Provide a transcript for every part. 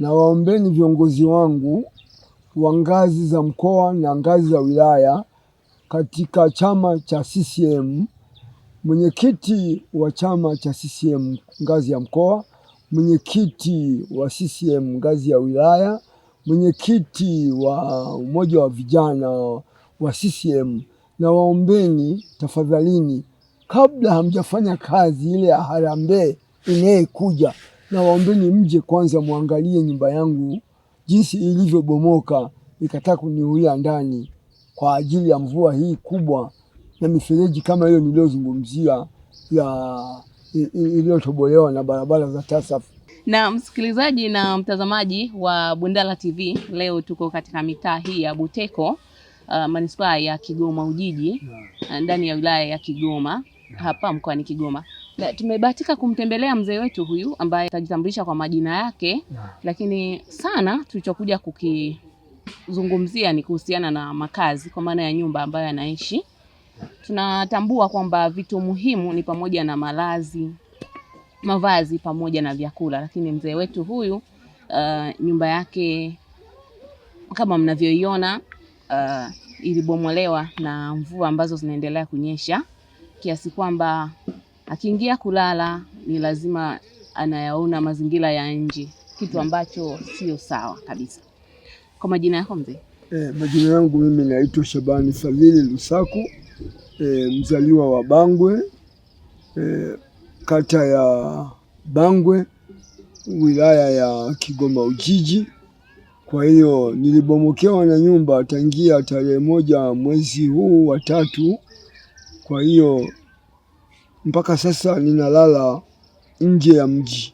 na waombeni viongozi wangu wa ngazi za mkoa na ngazi za wilaya katika chama cha CCM, mwenyekiti wa chama cha CCM ngazi ya mkoa, mwenyekiti wa CCM ngazi ya wilaya, mwenyekiti wa umoja wa vijana wa CCM, na waombeni tafadhalini, kabla hamjafanya kazi ile ya harambee inayekuja na waombeni mje kwanza mwangalie nyumba yangu jinsi ilivyobomoka, ikataka kuniulia ndani kwa ajili ya mvua hii kubwa na mifereji kama hiyo niliyozungumzia ya iliyotobolewa na barabara za TASAF. Na msikilizaji na mtazamaji wa Bundala TV, leo tuko katika mitaa hii ya Buteko uh, manispaa ya Kigoma Ujiji ndani ya wilaya ya Kigoma hapa mkoani Kigoma na tumebahatika kumtembelea mzee wetu huyu ambaye atajitambulisha kwa majina yake na, lakini sana tulichokuja kukizungumzia ni kuhusiana na makazi kwa maana ya nyumba ambayo anaishi. Tunatambua kwamba vitu muhimu ni pamoja na malazi, mavazi pamoja na vyakula, lakini mzee wetu huyu uh, nyumba yake kama mnavyoiona uh, ilibomolewa na mvua ambazo zinaendelea kunyesha kiasi kwamba Akiingia kulala ni lazima anayaona mazingira ya nje, kitu mm. ambacho sio sawa kabisa. Kwa majina yako mzee? Eh, majina yangu mimi naitwa Shabani Fadhili Lusaku, eh, mzaliwa wa Bangwe, eh, kata ya Bangwe wilaya ya Kigoma Ujiji. Kwa hiyo nilibomokewa na nyumba tangia tarehe moja mwezi huu wa tatu. Kwa hiyo mpaka sasa ninalala nje ya mji,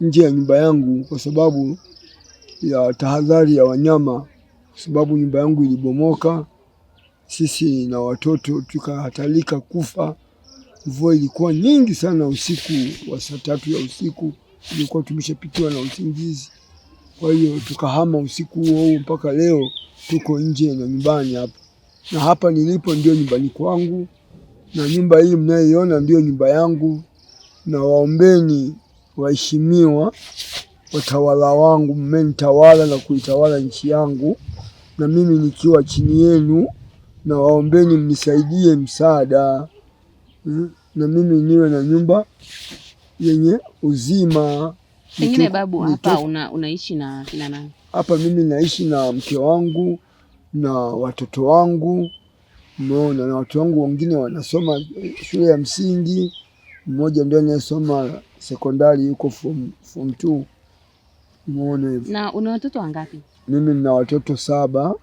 nje ya nyumba yangu kwa sababu ya tahadhari ya wanyama, kwa sababu nyumba yangu ilibomoka, sisi na watoto tukahatarika kufa. Mvua ilikuwa nyingi sana usiku wa saa tatu ya usiku, tulikuwa tumeshapitiwa na usingizi. Kwa hiyo tukahama usiku huo huo, mpaka leo tuko nje na nyumbani hapa, na hapa nilipo ndio nyumbani kwangu na nyumba hii mnayoiona ndiyo nyumba yangu, na waombeni waheshimiwa watawala wangu, mmenitawala na kuitawala nchi yangu, na mimi nikiwa chini yenu, na waombeni mnisaidie msaada, hmm? na mimi niwe na nyumba yenye uzima. Pengine babu, hapa una, unaishi na nani? Hapa mimi naishi na mke wangu na watoto wangu. Umeona, na watu wangu wengine wanasoma eh, shule ya msingi, mmoja ndio anayesoma sekondari yuko form form 2. Umeona hivyo. Na una watoto wangapi? Mimi nina watoto saba,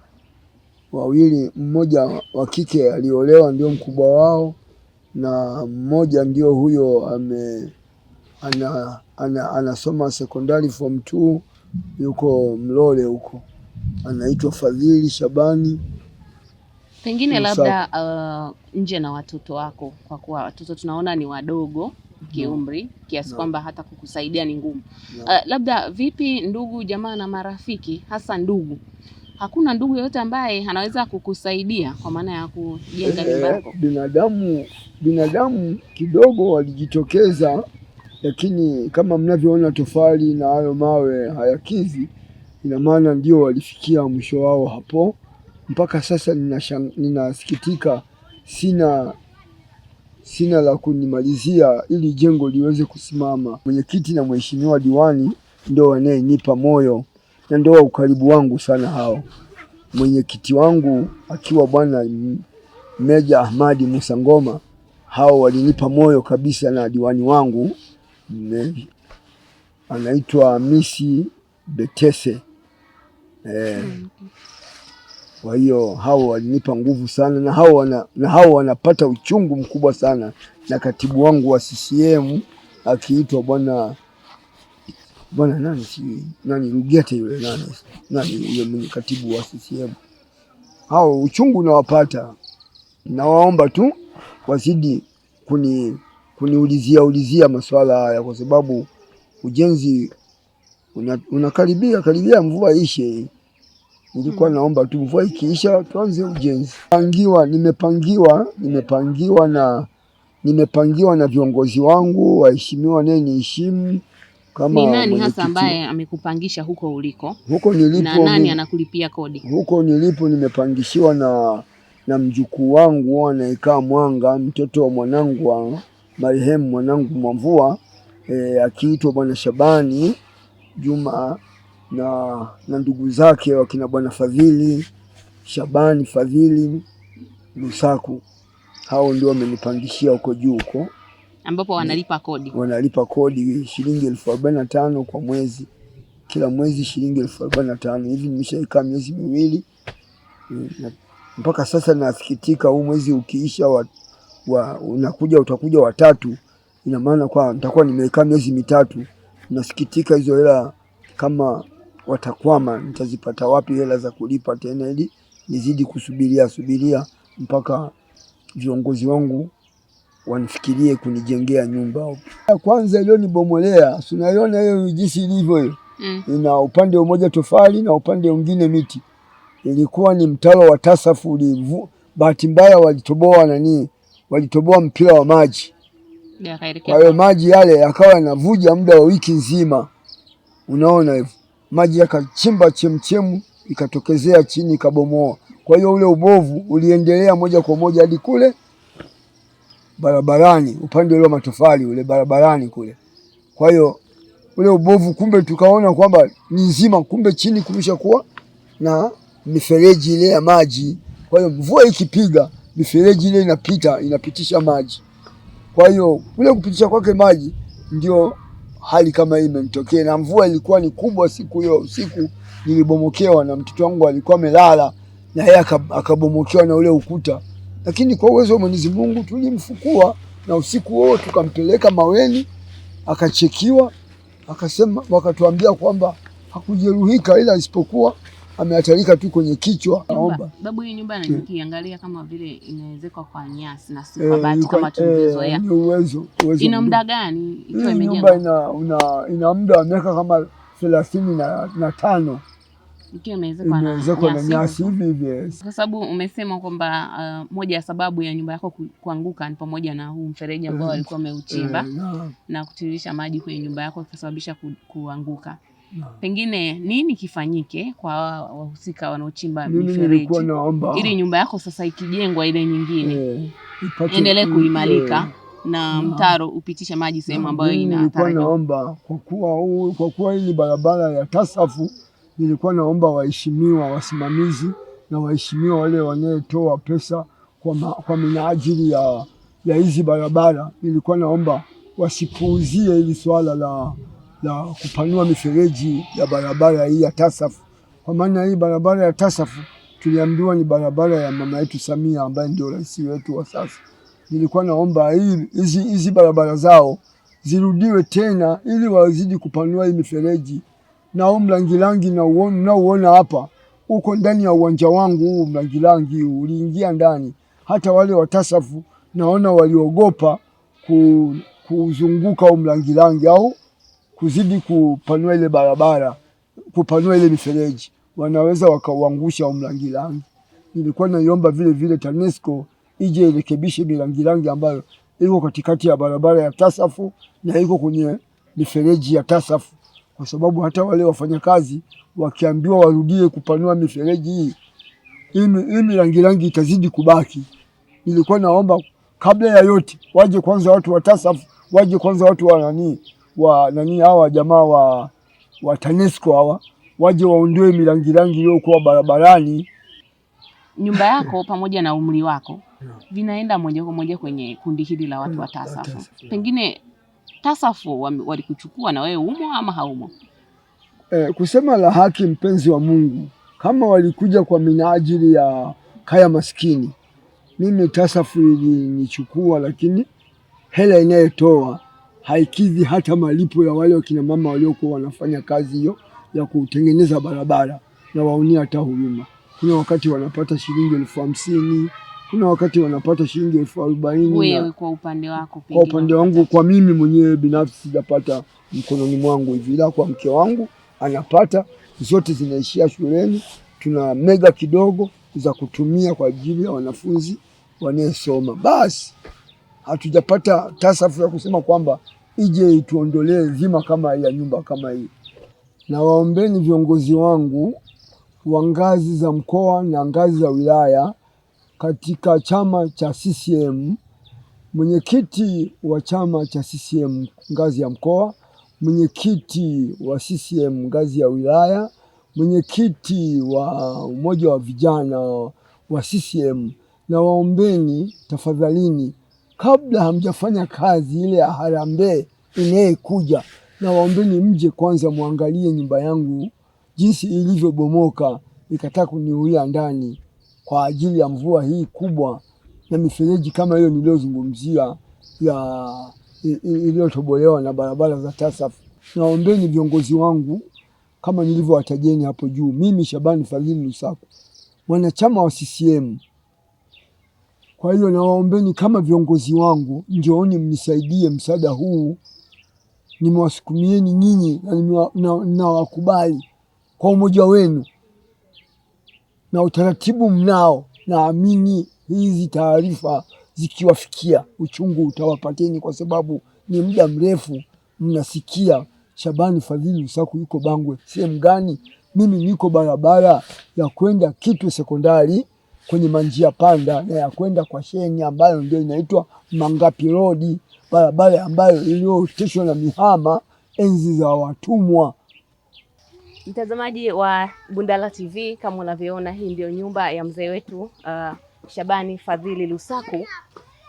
wawili, mmoja wa kike aliolewa, ndio mkubwa wao, na mmoja ndio huyo ame ana, ana, anasoma sekondari form 2 yuko Mlole huko, anaitwa Fadhili Shabani. Pengine labda uh, nje na watoto wako, kwa kuwa watoto tunaona ni wadogo kiumri no. kiasi kwamba hata kukusaidia ni ngumu no. Uh, labda vipi ndugu jamaa na marafiki, hasa ndugu? Hakuna ndugu yoyote ambaye anaweza kukusaidia kwa maana ya kujenga nyumba eh, yako? Binadamu binadamu kidogo walijitokeza, lakini kama mnavyoona tofali na hayo mawe hayakizi, ina maana ndio walifikia mwisho wao hapo mpaka sasa ninasikitika, sina sina la kunimalizia ili jengo liweze kusimama. Mwenyekiti na mheshimiwa diwani ndio wanayenipa moyo na ndio wa ukaribu wangu sana hao. Mwenyekiti wangu akiwa bwana Meja Ahmadi Musa Ngoma, hao walinipa moyo kabisa, na diwani wangu ne, anaitwa Misi Betese eh, kwa hiyo hao walinipa nguvu sana na hao wana, na hao wanapata uchungu mkubwa sana na katibu wangu wa CCM akiitwa bwana bwana nani si nani Rugete yule nani nani yule mwenye katibu wa CCM, hao uchungu nawapata. Nawaomba tu wazidi kuni kuniulizia ulizia masuala haya kwa sababu ujenzi unakaribia una karibia mvua ishe. Nilikuwa hmm. naomba tu mvua ikiisha tuanze ujenzi. Pangiwa, nimepangiwa, nimepangiwa na nimepangiwa na viongozi wangu waheshimiwa, naye niheshimu kama. Ni nani hasa ambaye amekupangisha huko uliko? Huko nilipo, na nani anakulipia kodi? Huko nilipo nimepangishiwa na na mjukuu wangu anayekaa Mwanga, mtoto wa mwanangu wa marehemu mwanangu Mwamvua, e, akiitwa Bwana Shabani Juma na, na ndugu zake wakina bwana Fadhili Shabani Fadhili Lusaku, hao ndio wamenipangishia huko juu huko, ambapo wanalipa kodi wanalipa kodi shilingi elfu arobaini na tano kwa mwezi, kila mwezi shilingi elfu arobaini na tano hivi. Nimeshaikaa miezi miwili mpaka sasa, nasikitika huu mwezi ukiisha wa, wa, unakuja utakuja watatu, ina maana kwa nitakuwa nimekaa miezi mitatu. Nasikitika hizo hela kama watakwama, nitazipata wapi hela za kulipa tena, ili nizidi kusubiria subiria mpaka viongozi wangu wanifikirie kunijengea nyumba. Ya kwanza iliyonibomolea, sunaiona hiyo jinsi ilivyo hiyo mm. ina upande mmoja tofali na upande mwingine miti. Ilikuwa ni mtalo wa Tasafu bahati mbaya walitoboa nani, walitoboa mpira wa maji kwa hiyo maji yale yakawa yanavuja muda wa wiki nzima, unaona hivyo maji yakachimba chemchemu ikatokezea chini ikabomoa. Kwa hiyo ule ubovu uliendelea moja kwa moja hadi kule barabarani, upande ule wa matofali ule barabarani kule. Kwa hiyo ule ubovu kumbe tukaona kwamba ni nzima, kumbe chini kumeshakuwa na mifereji ile ya maji. Kwa hiyo mvua ikipiga, mifereji ile inapita inapitisha maji. Kwa hiyo ule kupitisha kwake maji ndio hali kama hii imemtokea, na mvua ilikuwa ni kubwa siku hiyo usiku. Nilibomokewa na mtoto wangu alikuwa amelala na yeye akabomokewa na ule ukuta, lakini kwa uwezo wa Mwenyezi Mungu tulimfukua, na usiku huo tukampeleka Maweni akachekiwa, akasema, wakatuambia kwamba hakujeruhika ila isipokuwa amehatarika tu kwenye kichwa. Naomba babu, hii nyumba nikiangalia kama vile inaezekwa kwa nyasi na si eh, kwa bati kama tulivyozoea. Eh, uwezo uwezo. ina muda gani hmm, ikiwa imejengwa? Nyumba ina una, ina muda wa miaka kama thelathini na, na tano imewezekwa na nyasi hivi hivi, kwa sababu umesema kwamba uh, moja ya sababu ya nyumba yako kuanguka ni pamoja na huu mfereji ambao eh, walikuwa wameuchimba na kutiririsha maji kwenye nyumba yako kusababisha kuanguka na pengine nini kifanyike kwa wahusika wanaochimba mifereji ili nyumba yako sasa ikijengwa ile nyingine eh, endelee kuimarika eh, na mtaro upitishe maji sehemu ambayo inatarajiwa. Naomba kwa kuwa huu, kwa kuwa hii ni barabara ya TASAFU, nilikuwa naomba waheshimiwa wasimamizi na waheshimiwa wale wanaotoa pesa kwa, ma, kwa minajili ya hizi barabara, nilikuwa naomba wasipuuzie hili swala la la kupanua mifereji ya barabara hii ya Tasafu, kwa maana hii barabara ya Tasafu tuliambiwa ni barabara ya mama yetu Samia ambaye ndio rais wetu wa sasa. Nilikuwa naomba hizi hizi barabara zao zirudiwe tena ili wazidi kupanua hii mifereji, na huu mlangilangi nauona hapa uko ndani ya uwanja wangu huu mlangilangi uliingia ndani. Hata wale watasafu naona waliogopa kuzunguka huu mlangilangi au kuzidi kupanua ile barabara, kupanua ile mifereji, wanaweza wakauangusha au mlangilangi. Nilikuwa naiomba vile vile TANESCO ije irekebishe milangilangi ambayo iko katikati ya barabara ya Tasafu na iko kwenye mifereji ya Tasafu, kwa sababu hata wale wafanyakazi wakiambiwa warudie kupanua mifereji hii hii milangilangi itazidi kubaki. Nilikuwa naomba kabla ya yote waje kwanza watu wa Tasafu, waje kwanza watu wa nanii wa nani hawa jamaa wa, wa TANESCO hawa waje waondoe milangi rangi iliyokuwa barabarani. Nyumba yako pamoja na umri wako vinaenda moja kwa moja kwenye kundi hili la watu wa tasafu. Pengine tasafu walikuchukua na wewe umo ama haumo? Eh, kusema la haki, mpenzi wa Mungu, kama walikuja kwa minajili ya kaya maskini, mimi tasafu ilinichukua, lakini hela inayotoa haikidhi hata malipo ya wale wakina mama waliokuwa wanafanya kazi hiyo ya kutengeneza barabara, na waoni hata huruma. Kuna wakati wanapata shilingi elfu hamsini kuna wakati wanapata shilingi elfu arobaini kwa upande wako? Kwa upande wangu, kwa mimi mwenyewe binafsi sijapata mkononi mwangu hivi, ila kwa mke wangu anapata. Zote zinaishia shuleni, tuna mega kidogo za kutumia kwa ajili ya wanafunzi wanayesoma. Basi hatujapata tasafu ya kusema kwamba ije ituondolee zima kama ya nyumba kama hii. Na waombeni viongozi wangu wa ngazi za mkoa na ngazi za wilaya katika chama cha CCM, mwenyekiti wa chama cha CCM ngazi ya mkoa, mwenyekiti wa CCM ngazi ya wilaya, mwenyekiti wa umoja wa vijana wa CCM, na waombeni tafadhalini kabla hamjafanya kazi ile ya harambee inayekuja, na waombeni mje kwanza mwangalie nyumba yangu jinsi ilivyobomoka, ikataka kuniulia ndani kwa ajili ya mvua hii kubwa na mifereji kama hiyo niliyozungumzia ya iliyotobolewa na barabara za TASAF. Naombeni viongozi wangu kama nilivyowatajeni hapo juu, mimi Shabani Fadhili Lusaku, mwanachama wa CCM kwa hiyo nawaombeni kama viongozi wangu, njooni mnisaidie msaada huu. Nimewasukumieni nyinyi na nawakubali kwa umoja wenu na utaratibu mnao. Naamini hizi taarifa zikiwafikia, uchungu utawapateni, kwa sababu ni muda mrefu mnasikia Shabani Fadhili Lusaku yuko Bangwe. Sehemu gani? Mimi niko barabara ya kwenda Kitwe Sekondari kwenye manjia panda na ya kwenda kwa Sheni ambayo ndio inaitwa Mangapi Road, barabara ambayo iliyooteshwa na mihama enzi za watumwa. Mtazamaji wa Bundala TV, kama unavyoona, hii ndio nyumba ya mzee wetu uh, Shabani Fadhili Lusaku,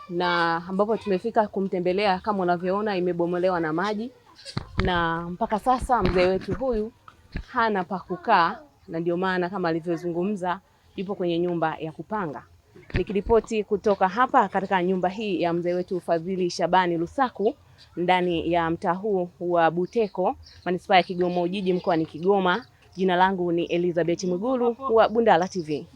na ambapo tumefika kumtembelea. Kama unavyoona, imebomolewa na maji na mpaka sasa mzee wetu huyu hana pa kukaa, na ndio maana kama alivyozungumza yupo kwenye nyumba ya kupanga. Nikiripoti kutoka hapa katika nyumba hii ya mzee wetu Fadhili Shabani Lusaku ndani ya mtaa huu wa Buteko, manispaa ya Kigoma Ujiji, mkoani Kigoma. Jina langu ni Elizabeth Mwigulu wa Bundala TV.